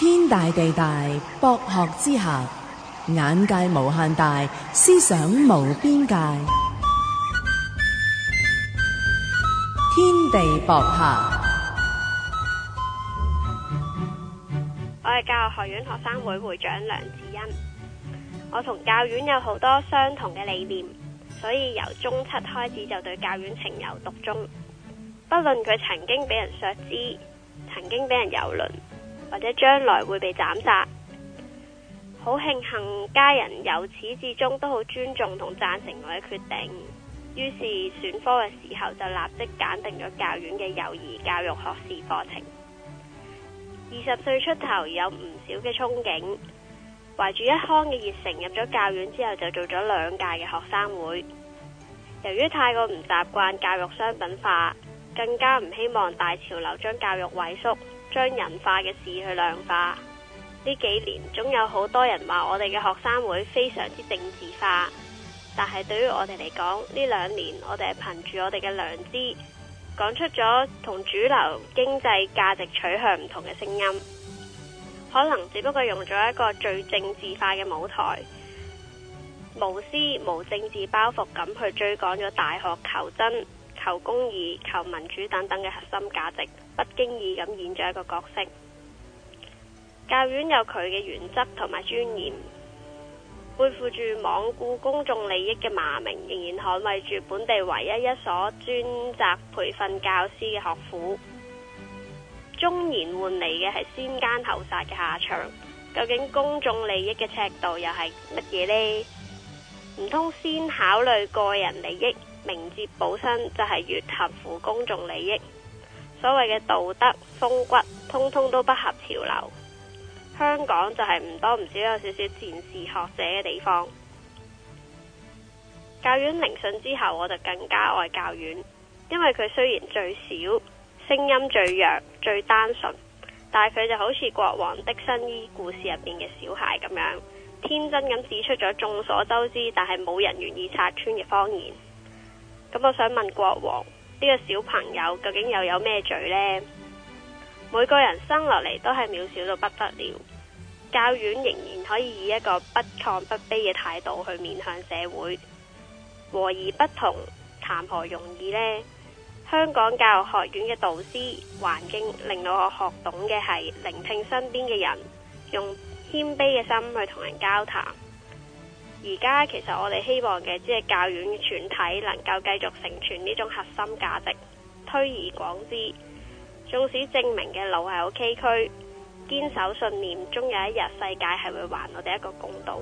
天大地大，博學之下眼界，無限大，思想無邊界。天地博客，我係教育學院學生會會長梁芷茵。我同教院有好多相同嘅理念，所以由中七開始就對教院情有獨鍾。不論佢曾經俾人削資，曾經俾人游輪。或者將來會被斬殺。好慶幸家人由始至終都好尊重同讚成我嘅決定，於是選科嘅時候就立即揀定咗教院嘅幼兒教育學士課程。二十歲出頭有唔少嘅憧憬，懷住一腔嘅熱誠入咗教院之後就做咗兩屆嘅學生會。由於太過唔習慣教育商品化，更加唔希望大潮流將教育萎縮。將人化嘅事去量化，呢幾年總有好多人話我哋嘅學生會非常之政治化，但係對於我哋嚟講，呢兩年我哋係憑住我哋嘅良知，講出咗同主流經濟價值取向唔同嘅聲音，可能只不過用咗一個最政治化嘅舞台，無私無政治包袱咁去追趕咗大學求真。求公義、求民主等等嘅核心價值，不經意咁演咗一個角色。教院有佢嘅原則同埋尊嚴，背負住罔顧公眾利益嘅罵名，仍然捍衛住本地唯一一所專責培訓教師嘅學府。忠言換嚟嘅係先奸後殺嘅下場。究竟公眾利益嘅尺度又係乜嘢呢？唔通先考慮個人利益？明哲保身就係越合乎公眾利益？所謂嘅道德風骨，通通都不合潮流。香港就係唔多唔少有少少戰士學者嘅地方。教院聆訊之後，我就更加愛教院，因為佢雖然最少，聲音最弱，最單純，但係佢就好似國王的新衣故事入邊嘅小孩咁樣天真咁指出咗眾所周知，但係冇人願意拆穿嘅謊言。咁我想問國王：呢個小朋友究竟又有咩罪呢？每個人生落嚟都係渺小到不得了。教院仍然可以以一個不亢不卑嘅態度去面向社會，和而不同，談何容易呢？香港教育學院嘅導師環境令到我學懂嘅係聆聽身邊嘅人，用謙卑嘅心去同人交談。而家其實我哋希望嘅，只係教院全體能夠繼續成全呢種核心價值。推而廣之，縱使證明嘅路係好崎嶇，堅守信念，終有一日世界係會還我哋一個公道。